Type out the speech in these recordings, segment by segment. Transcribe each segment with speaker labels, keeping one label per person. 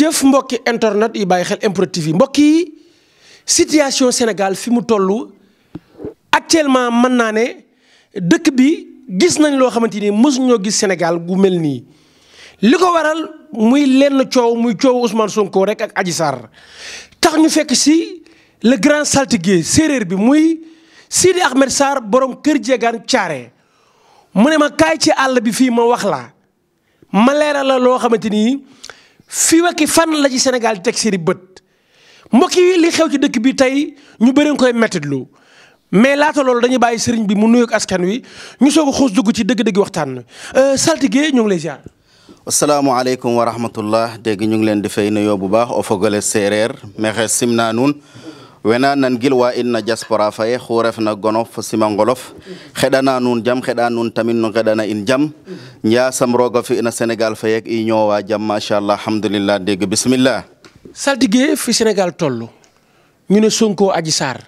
Speaker 1: jëf mbokki internet yi bàyyi xel MPROD TV mbokk yi situation Sénégal fi mu toll actuellement mën naa ne dëkk bi gis nañ loo xamante ni mësuñoo gis Sénégal gu mel nii li ko waral muy lenn coow muy coow Ousmane Sonko rek ak aji sar tax ñu fekk si le grand saltigué séeréer bi muy Sidi Ahmed Sarr borom kër jegaan caare mu ne ma kaay ci àll bi fii ma wax la ma leeral la loo xamante ni. fii wekki fan la ci Sénégal teg seeni bët mbokk yi li xew ci dëkk bi tey ñu bëri koy mettitlu mais laata loolu dañuy bàyyi sëriñ bi mu nuyoog askan wi ñu soog a xuus dugg ci dëgg-dëgg waxtaan wi euh, saltige ñu ngi lay ziar.
Speaker 2: asalaamaaleykum wa rahmatullah dégg ñu ngi leen di fay nuyoo bu baax o fogale séeréer mexe simnaa nuun wena nan gilwa inna diaspora faye xurefna gonof simangolof xeɗana nuun jam xeɗa nuun tamit nu xeɗana in jam njasam roga fi'na sénégal faye i ñoowa jam machallah alhamdulillah dégg bismillah
Speaker 1: saltige fi sénégal toll ñu ne Sonko Adji Sarr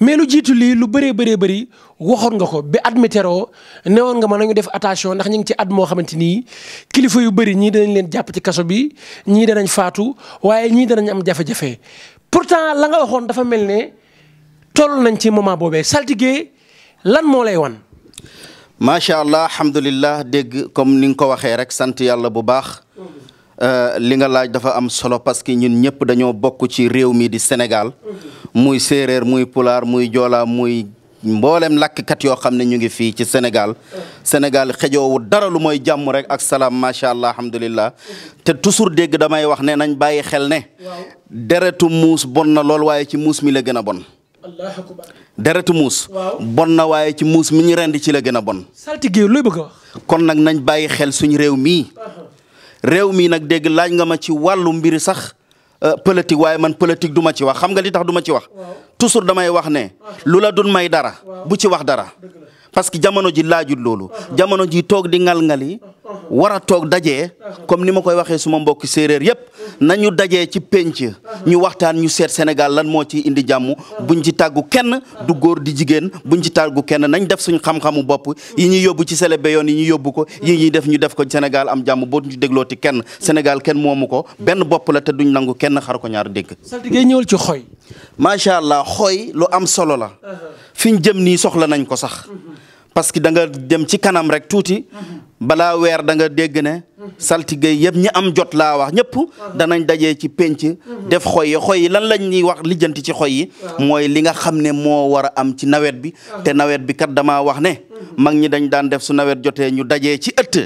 Speaker 1: mais lu jiitu lii lu bëree bëree bëri waxoon nga ko bi at mi teroo newoon nga ma nañu def attention ndax ñu ngi ci at moo xamante ni kilifa yu bëri ñii danañ leen jàpp ci kaso bi ñii danañ faatu waaye ñii danañ am jafe-jafe pourtant la nga waxoon dafa mel ne toll nañ ci moment boobee saltige
Speaker 2: lan moo lay wan. macha allah alhamdulilah dégg comme ni nga ko waxee rek sant yàlla bu baax. Euh, li nga laaj dafa am solo parce que ñun ñëpp dañoo bokk ci réew mi di Sénégal. muy séeréer muy pulaar muy joolaa muy. mboolem làkkat yoo xam ne ñu ngi fii ci Sénégal Sénégal xëjoowu dara lu mooy jàmm rek ak salaam macha allah alhamdulilah te toujours dégg damay wax ne nañ bàyyi xel ne. deretu muus bon na lool waaye ci muus mi la gën a bon. deretu muus. bon na waaye ci muus mi ñu rend ci la gën a bon.
Speaker 1: saltige looy bëgg a
Speaker 2: kon nag nañ bàyyi xel suñu réew mii. Uh-huh. réew mii nag dégg laaj nga ma ci wàllu mbiri sax. Euh, politique waaye man politique du ma ci wax xam nga li tax du ma ci wax toujours damay wax ne lu la dun may dara bu ci wax dara parce que jamono ji laajul loolu jamono ji toog di ngal-ngali war a toog daje comme ni ma koy waxee suma mbokki séeréer yëpp nañu dajee ci pénc ñu waxtaan ñu seet Sénégal lan moo ci indi jàmm buñ ci tàggu kenn du góor di jigéen buñ ci tàggu kenn nañ def suñ xam-xamu bopp yi ñu yóbbu ci selebe yoon yi ñuy yóbbu ko yi ñuy def ñu def ko Sénégal am jàmm boo ñu déglooti kenn Sénégal kenn moomu ko benn bopp la te duñ nangu kenn xar ko ñaar dégg saltige ñëwul ci xoy macha allah xoy lu am solo la jëm nii soxla nañ ko sax parce que da nga dem ci kanam rek tuuti balaa weer da nga dégg ne saltige yëpp ñi am jot laa wax ñëpp danañ daje ci penc def xoy yi xoy yi lan lañ ñuy wax lijjanti ci xoy yi mooy li nga xam ne moo war a am ci nawet bi te nawet bi kat dama wax ne mag ñi dañ daan def su nawet jotee ñu dajee ci ëtt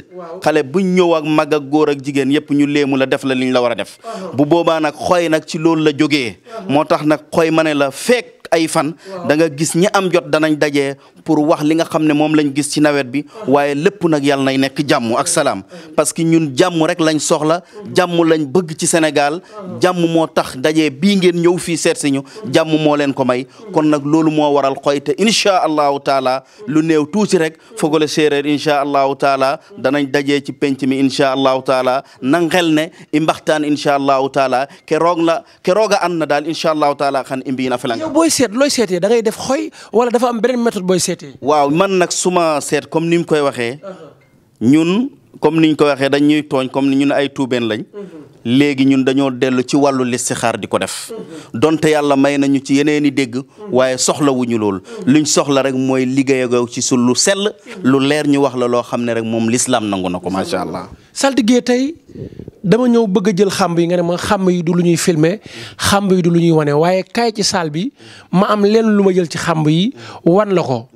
Speaker 2: xale buñ ñëw ak mag ak góor ak jigéen yëpp ñu léemu la def la liñ la war a def bu boobaa nag xoy nag ci loolu la jógee moo tax nag xoy ma ne la fekk ay fan da nga gis ñi am jot danañ daje pour wax li nga xam ne moom lañ gis ci nawet bi waaye lépp nag yàlla nay nekk jàmm ak salaam parce que ñun jàmm rek lañ soxla jàmm lañ bëgg ci Sénégal jàmm moo tax daje bii ngeen ñëw fii seet si ñu jàmm moo leen ko may kon nag loolu moo waral xoyte inchaa allahu taala lu néew tuuti rek fogole séeréer inchaa allahu taala danañ daje ci penc mi inchaa allahu taala na ngel ne i mbaxtaan inchaa allahu taala ke roog la ke rooga and na daal inchaa allahu taala xan seet looy seetee dangay def xoy wala dafa am beneen méthode booy seetee. waaw man nag su ma seet comme ni mu koy waxee. ñun comme niñ koy waxee dañ ñuy tooñ comme ni ñun ay tuubeen lañ. léegi ñun dañoo dellu ci wàllu listixaar di ko def. donte yàlla may na ñu ci yeneen i dégg. waaye soxlawuñu lool. luñ soxla rek mooy liggéey ci su lu sell. lu leer ñu wax la loo xam ne rek moom lislaam nangu na ko macha allah.
Speaker 1: saltige tey dama ñëw bëgg a jël xamb yi nga ne ma xàmb yi du lu ñuy filmer xamb yi du lu ñuy wane waaye kaay ci salle bi ma am lenn lu ma jël ci xàmb yi wan la ko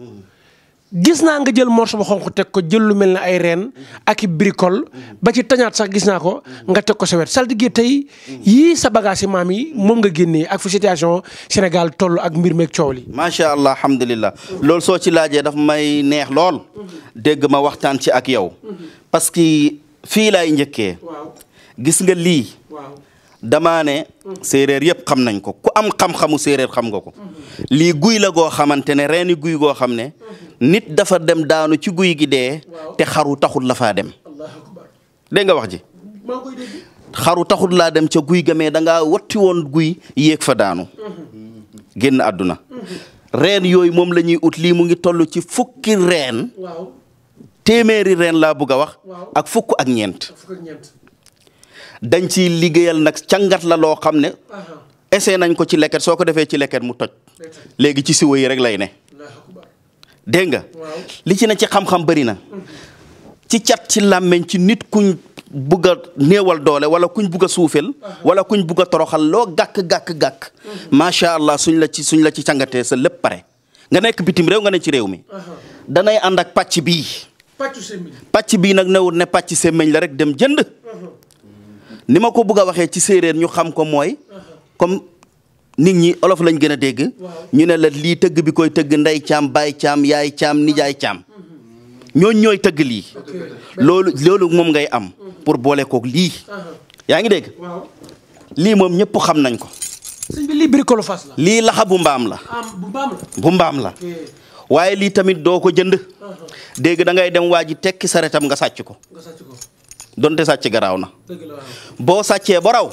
Speaker 1: gis naa nga jël morceau bu xonq teg ko jël lu mel ne ay reen ak i ba ci tañaat sax gis naa ko nga teg ko sa wet saltige tey yii sa bagage yi maam yi moom nga génnee ak fu situation Sénégal toll ak mbir meeg coow li.
Speaker 2: macha allah alhamdulilah loolu soo ci laajee dafa may neex lool dégg ma waxtaan ci ak yow fii laay njëkkee. gis nga lii. damaa ne yépp xam nañ ko ku am xam-xamu séeréer xam nga ko mhm. lii guy la goo xamante ne reeni guy goo xam ne mhm. nit dafa dem daanu ci guy gi dee te xaru taxul la faa dem dégg nga wax ji xaru taxul laa dem ca guy ga mais danga ngaa watti woon guy yéeg fa daanu mhm. génn àdduna reen yooyu moom lañuy ñuy ut lii mu ngi toll ci fukki reen téeméeri reen laa bëgg a wax. ak fukk ak ñeent. dañ ci liggéeyal nag càngat la loo xam ne. essayé nañ ko ci leket soo ko defee ci leket mu toj. léegi ci siwo yi rek lay ne. dégg nga. li ci ne ci xam-xam bëri na. Mhm. ci cat ci làmmeñ ci nit kuñ bugg a néewal doole wala kuñ bugg suufeel wala kuñ bugg a toroxal loo gàkk gàkk gàkk. Mhm. macha allah suñ la ci suñ la ci càngatee sa lépp pare. nga nekk bitim rew nga ne ci réew mi. danay ànd ak pàcc bii. pàcc bii nag na newul ne pàcc semmeñ la rek dem jënd ni ma ko bëgg a waxee ci séeréer ñu xam ko mooy comme nit ñi olof lañ gën a dégg ñu ne la lii tëgg bi koy tëgg ndey caam baay caam yaay caam nijaay caam ñooñ ñooy tëgg lii loolu moom ngay am pour boole kook lii uh-huh. yaa ngi dégg lii moom ñëpp xam nañ ko lii laxa ah, bu mbaam la bu mbaam la waaye lii tamit doo ko jënd dégg da ngay dem waa ji tekki saretam nga sàcc ko donte sàcc garaaw na boo sàccee ba raw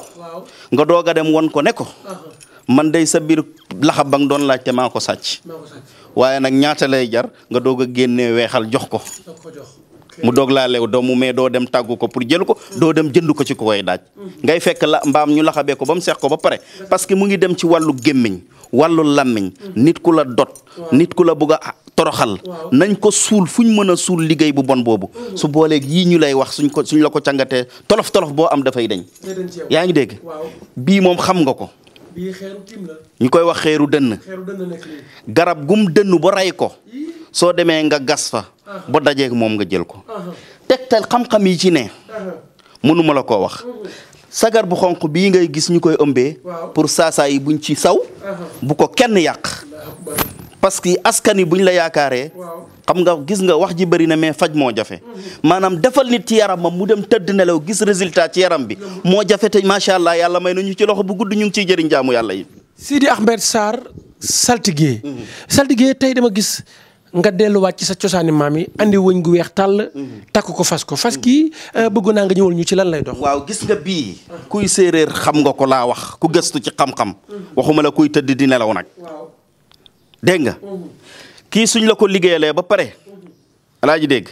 Speaker 2: nga doog a dem won ko ne ko uh-huh. man day sa biir laxa ba nga doon laajte maa ko sàcc waaye nag ñaata lay jar nga doog a génnee weexal jox ko mu doog laa doo doomu mais doo dem tàggu ko pour jël ko mm. doo dem jënd ko ci ku koy daaj mm. ngay fekk la mbaam ñu laxabee ko ba mu seex ko ba pare parce que mu ngi dem ci wàllu gémmiñ wàllu làmmiñ mm. nit ku la dot nit ku la bëgg a toroxal nañ ko suul fu ñu mën a suul liggéey bu bon boobu mm. su booleeg yii ñu lay wax suñ ko suñ la ko càngatee tolof tolof boo am dafay dañ yaa ngi dégg bii moom xam nga ko ñu koy wax xeeru dënn garab gum dënn ba rey ko soo demee nga gas fa ba dajeek moom nga jël ko tegtal xam-xam yi ci ne mënuma la koo wax sagar bu xonq bii ngay gis ñu koy ëmbee pour saasaa yi buñ ci saw uh-huh. bu ko kenn yàq parce que askan yi buñ la yaakaaree xam nga gis nga wax ji bëri na mais faj moo jafe uh-huh. maanaam defal nit ci yaram yaramam mu dem tëdd nelaw gis résultat ci yaram bi moo jafe te macha allah yàlla may na ñu ci loxo bu gudd ñu ngi ciy jëriñ jaamu yàlla yi Sidi Ahmed Sarr
Speaker 1: saltige uh-huh. saltige tey dama gis nga delluwaat ci sa cosaani maam yi andi wëñ gu weex tàll. takk ko fas ko fas ki euh, bëgg naa
Speaker 2: nga ñëwal ñu ci lan lay dox. waaw gis nga bii. kuy séeréer xam nga ko laa wax ku gëstu ci xam-xam. waxuma kuy tëdd di nelaw nag. dégg nga. suñ la ko liggéeyalee ba pare. alaaji dégg.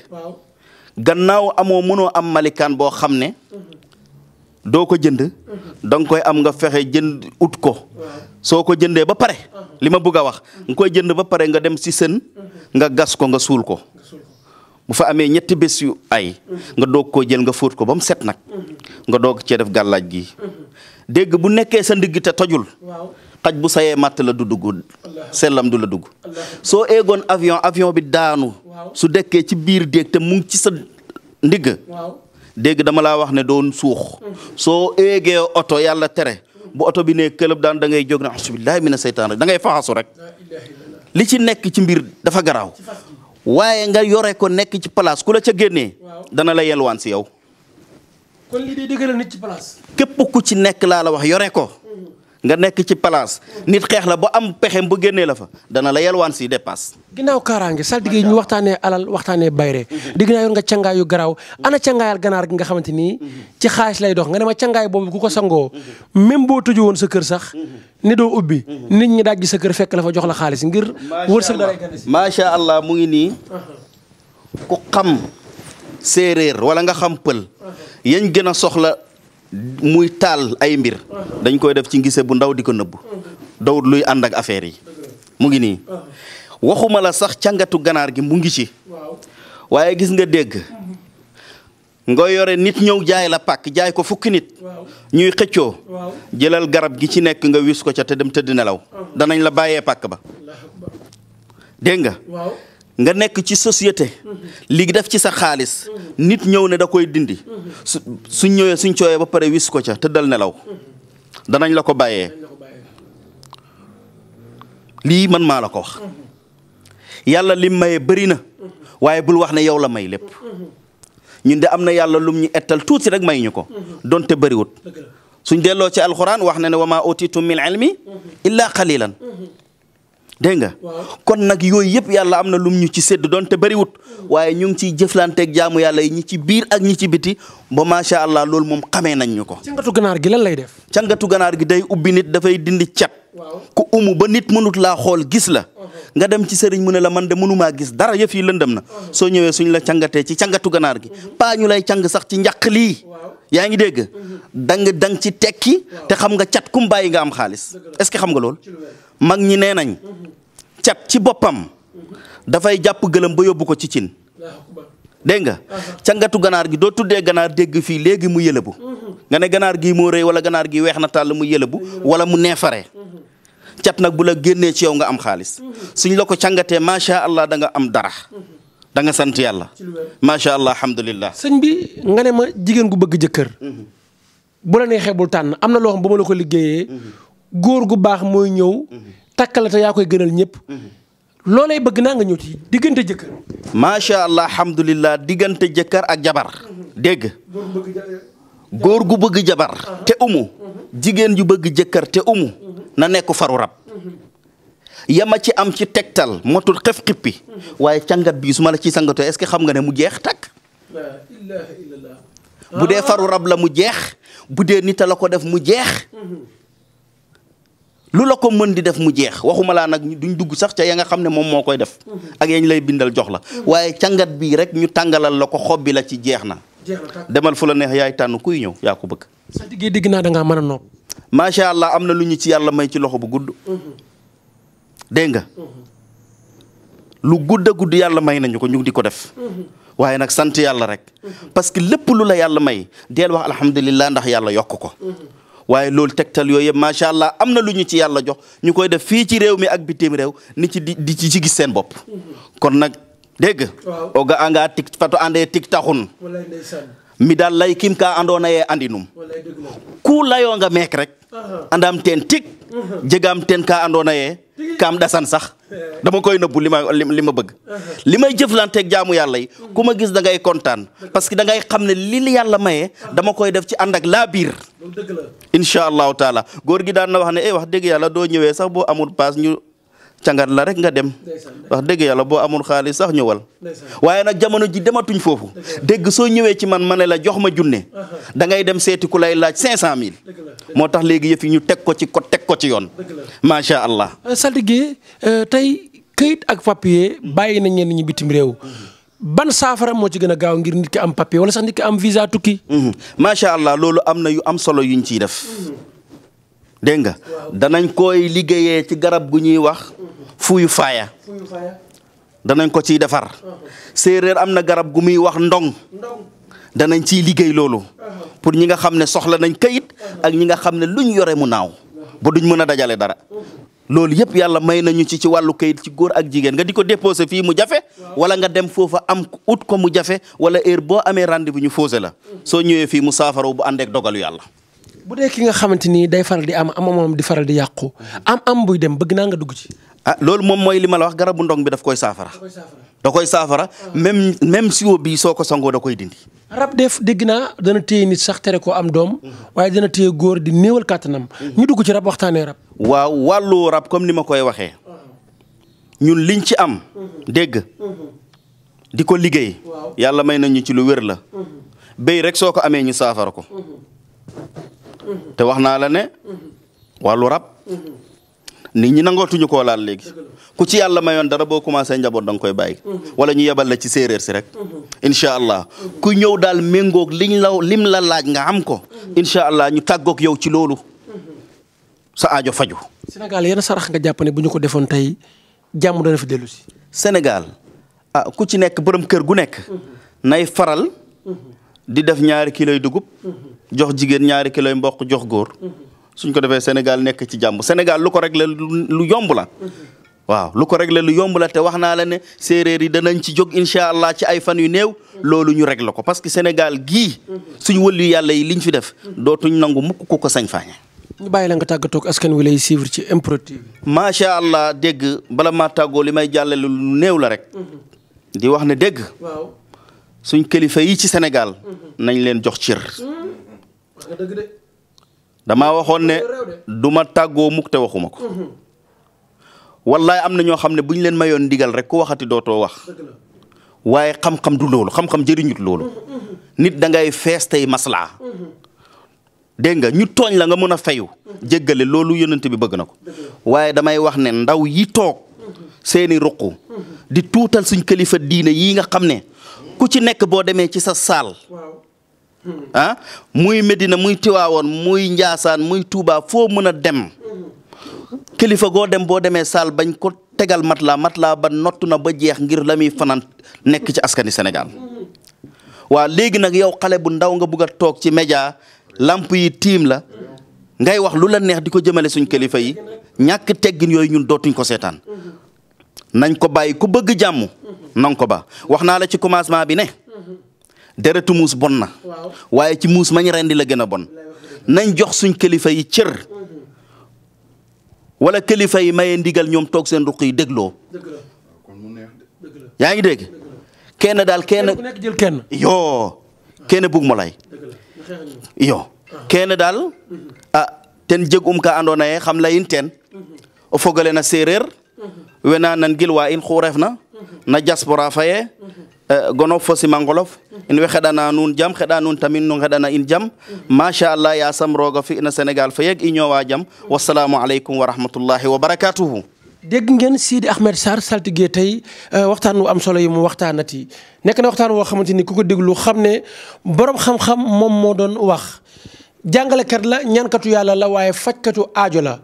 Speaker 2: gannaaw amoo mënoo am malikaan boo xam ne. doo ko jënd. da nga koy am nga fexe jënd ut ko. soo ko jëndee ba pare. li ma bëgg a wax nga koy jënd ba pare nga dem si sën nga gas ko nga suul ko bu fa amee ñetti bés yu ay nga doog koo jël nga fóot ko ba mu set nag nga doog cee def gàllaaj gi dégg bu nekkee sa ndigg te tojul xaj bu sayee màtt la du dugg sellam du la dugg soo egoon avion avion bi daanu su dekkee ci biir déeg te mu ci sa ndigg dégg dama laa wax ne doon suux mm. soo eegee oto yàlla tere bu oto bi nee këlëb daan da ngay jóg ne asubillahi mina seytaan rek da ngay faxasu rek li ci nekk ci mbir dafa garaaw waaye nga yore ko nekk ci place ku la ca génnee dana la yelwaan si yow.
Speaker 1: kon ci place.
Speaker 2: képp ku ci nekk laa la wax yore ko. nga nekk ci place nit xeex la ba am pexem bu génnee la fa dana la yelwaan si dépasse.
Speaker 1: ginnaaw kaaraange saltige yi ñu waxtaanee alal waxtaanee bayre digg naa yor nga cangaay yu garaaw ana cangaayal ganaar gi nga xamante ni ci xaalis lay dox nga ne ma cangaay boobu ku ko sangoo même boo tëju woon sa kër sax ni doo ubbi nit ñi daaj sa kër fekk la fa jox la xaalis ngir. wërsëg dara
Speaker 2: macha allah mu ngi nii uh-huh. ku xam séeréer wala nga xam pël yañ gën a soxla. muy taal ay mbir dañ koy def ci ngise bu ndaw di ko nëbb dawut luy ànd ak affaire yi mu ngi nii waxuma la sax càngatu ganaar gi mu ngi ci waaye gis nga dégg nga yore nit ñëw jaay la pàkk jaay ko fukki nit ñuy xëccoo jëlal garab gi ci nekk nga wis ko ca te dem tëdd nelaw danañ la bàyyee pàkk ba dégg nga nga nekk ci societé ligi def ci sa xaalis nit ñëw ne da koy dindi su suñ ñëwee suñ cooyee ba pare wis ko ca te dal nelaw danañ la ko bàyyee lii man maa la ko wax yàlla lim maye bëri na waaye bul wax ne yow la may lépp ñun de am na yàlla lum ñu ettal tuuti rek may ñu ko donte bëriwut suñ delloo ci alxuraan wax na ne wa maa utitum min illa qalilan dégg nga kon nag yooyu yëpp yàlla am na lum ñu ci sédd doon te bëriwut waaye ñu ngi ciy jëflanteeg jaamu yàlla yi ñi ci biir ak ñi ci biti ba macha allah loolu moom xamee nañ ñu ko. cangatu ganaar gi lan lay def. cangatu ganaar gi day ubbi nit dafay dindi cat. ku umu ba nit mënut laa xool gis la. Uh-huh. nga dem ci sëriñ mu ne la man de mënumaa gis dara yëf yi lëndëm na. Uh-huh. soo ñëwee suñ la cangatee ci cangatu ganaar gi. Uh-huh. paa lay càng sax ci njaq lii. yaa ngi dégg da nga da ci tekki te xam nga cat kum bàyyi nga am xaalis est-ce que xam nga loolu mag ñi nee nañ cat ci boppam dafay jàpp gëlëm ba yóbbu ko ci cin dégg nga cangatu ganaar gi doo tuddee ganaar dégg fii léegi mu yëlëbu nga ne ganaar gi moo rëy wala ganaar gi weex na tàll mu yëlëbu wala mu neefare cat nag bu la génnee ci yow nga am xaalis suñ la ko cangatee macha allah da nga am dara da nga sant yàlla macha allah alhamdulilah. sëñ
Speaker 1: bi nga ne ma jigéen gu bëgg jëkkër. Mm-hmm. bu la neexee bul tànn am na loo xam ba ma la ko liggéeyee. Mm-hmm. góor gu baax mooy ñëw. Mm-hmm. takk la te yaa koy gënal ñëpp.
Speaker 2: loolee bëgg naa nga ñëw ci diggante jëkkër. macha allah alhamdulilah diggante jëkkër ak jabar. dégg góor gu bëgg jabar. Ah. te umu. jigéen ju bëgg jëkkër te umu. na nekk faru rab. yama ci am ci tegtal motul xef xippi waaye cangat bii su ma la ciy sangatoo est-ce xam nga ne mu jeex takk bu dee ah. faru rab la mu jeex bu dee nita la ko def mu jeex mhm. lu la ko mën di def mu jeex waxuma laa nag duñ dugg sax ca ya nga xam ne moom moo koy def mhm. ak lay bindal jox la mhm. waaye cangat bii rek ñu tàngalal la ko xob bi la ci jeex na demal neex yaay tànn kuy ñëw yaa ko bëgg
Speaker 1: sa digg naa da ngaa a nopp
Speaker 2: macha allah am na lu ñu ci yàlla may ci loxo bu gudd dégg nga lu gudd a gudd yàlla may nañu ko ñu di ko def waaye nag sant yàlla rek parce que lépp lu la yàlla may deel wax alhamdulilah ndax yàlla yokk ko waaye loolu tegtal yooyu yëpp macha allah am na lu ñu ci yàlla jox ñu koy def fii ci réew mi ak bitim réew ni ci di di ci gis seen bopp kon nag dégg oga anga tik fato tik taxun mi daal lay kim ka andoona yee andinum ku layoonga meek rek uh-huh. andaam teen tig uh-huh. jegaam teen ka andoona yee kaam dasan sax dama koy nëbbu li ma li ma bëgg uh-huh. li may jëflanteeg jaamu yàlla yi ku ma gis da ngay kontaan parce que da ngay xam ne li yàlla maye dama koy def ci ànd ak laa biir incha allahu taala góor gi daan na wax ne eh wax dëgg yàlla doo ñëwe sax boo amul paas cangat la rek nga dem wax dëgg yàlla boo amul xaalis sax ñëwal waaye nag jamono ji dematuñ foofu dégg soo ñëwee ci man ma ne la jox ma junne da ngay dem seeti ku lay laaj cinq cent mille moo tax léegi yëf yi ñu teg ko ci ko teg ko ci yoon macha allah.
Speaker 1: Euh, saltige euh, tey këyit ak papier bàyyi na ñenn ñi bitim réew ban saafara moo ci gën a gaaw ngir nit ki am
Speaker 2: papier wala sax nit ki am visa tukki. macha allah loolu am na yu am solo yuñ ciy def dégg danañ koy liggéeyee ci garab fuyu faaya danañ ko ciy defar uh-huh. séeréer am na garab gu muy wax ndong danañ ciy liggéey loolu uh-huh. pour ñi nga xam ne soxla nañ kayit uh-huh. ak ñi nga xam ne luñ yore mu naaw ba duñ mën a dajale dara loolu yëpp yàlla may nañu ci ci wàllu kayit ci góor ak jigéen nga di ko déposé fii mu jafe wala nga dem foofa am ut ko mu jafe wala heure boo amee rendez-vous bu ñu fausé la soo ñëwee fii mu saafara bu àndeek dogalu yàlla
Speaker 1: bu dee ki nga xamante ni day faral di am am amamam di faral di yàqu am am buy dem bëgg naa nga dugg ci.
Speaker 2: ah loolu moom mooy li ma la wax garabu ndong bi daf koy saafara. da koy saafara même même siwo bi soo ko sangoo da koy dindi.
Speaker 1: rab def dégg naa dana téye nit sax tere ko am doom. waaye dana téye góor di néewal kàttanam. ñu dugg ci rab waxtaanee rab.
Speaker 2: waaw wàllu rab comme ni ma koy waxee. liñ ci am. dégg ko liggéey. yàlla may nañu ci lu wér la. béy rek soo ko amee ñu saafara ko. te wax naa la ne wàllu rab nit ñi nangootuñu koo laal léegi ku ci yàlla mayoon dara boo commencé njaboot da koy bàyyi wala ñu yebal la ci séeréer si rek incha allah ku ñëw daal méngoog liñ la lim la laaj nga am ko incha allah ñu tàggook yow ci loolu sa ajo faju Sénégal yenn sarax nga jàpp ne bu ñu ko defoon tey jàmm dana fi dellu si Sénégal ah ku ci nekk borom kër gu nekk nay faral di def ñaari kiloy dugub mhm. jox jigéen ñaari kiloy mboq jox góor mhm. suñ ko defee Sénégal nekk ci jàmb Sénégal lu ko réglé lu yomb la mhm. waaw lu ko réglé lu yomb la te wax naa la ne séeréer yi danañ ci jog incha allah ci ay fan yu néew loolu ñu réglé ko parce que Sénégal gii suñ wëllu yàlla yi liñ fi def dootuñ nangu mukk ku ko sañ faañe
Speaker 1: ñu bàyyi la nga tàggatoo ak askan wi lay suivre ci MPROD TV.
Speaker 2: macha allah dégg bala maa tàggoo li may jàllale lu néew la rek. wax ne dégg. suñ kilifa yi ci Sénégal mhm. nañ leen jox cër
Speaker 1: mhm.
Speaker 2: damaa waxoon ne duma ma tàggoo mukk te waxuma ko mhm. wallaay am na ñoo xam ne buñ leen mayoon digal rek ko waxati dootoo wax waaye xam-xam du loolu xam-xam jëriñut loolu nit dangay fees tey maslaa dégg nga ñu tooñ la nga mën a fayu jéggale loolu yonent bi bëgg na ko waaye damay wax ne ndaw yi toog seeni ruq di tuutal suñ kilifa diina yii nga xam ne ku ci nekk boo demee ci sa saal ah, muy Medina muy Tiwaawoon muy Njaasaan muy Touba foo mën a dem kilifa goo dem boo demee saal bañ ko tegal mat la mat matelas ba nottu na ba jeex ngir la muy fanaan nekk ci askani Sénégal waa léegi nag yow xale bu ndaw nga bugga toog ci média lamp yi tiim la ngay wax lu la neex di ko jëmale suñ kilifa yi ñàkk teggin yooyu ñun dootuñ ko seetaan nañ ko bàyyi ku bëgg jàmm na ko ba wax naa la ci commencement bi ne deretu muus bon na waaye ci muus mañ rendi la gën a bon nañ jox suñ kilifa yi cër wala kilifa yi maye ndigal ñoom toog seen ruq yi dégloo yaa ngi dégg kenn daal kenn yoo kenn bug mo lay yoo kenn daal ah ten jeg ka andoona yee xam layin teen o fogole na séeréer wena nangil wa in xurefna na diaspora faye eh, gonof fo simangolof in way xeɗana nuun jam xeɗa nuun tamit nu xeɗana in jam machallah yasam roog fi'na sénégal fa yeeg i ñoowa jam wasalaamu aleykum wa rahmatullahi wa barakatuhu dégg ngeen Sidi Ahmed Sarr
Speaker 1: saltige tey eh, waxtaan wu am solo yi mu waxtaanati nekk na waxtaan woo xamante ni ku ko déglu xam ne borom xam-xam moom moo doon wax jàngalekat la ñaankatu yàlla la waaye fajkatu aajo la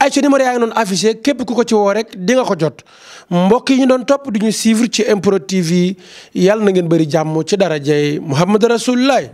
Speaker 1: ay ci numéro yaa ngi doon affiché képp ku ko ci woo rek di nga ko jot mbokk yi ñu doon topp duñu ñu ci improtive TV yàlla na ngeen bëri jàmm ci darajay Muhammad Rasulullah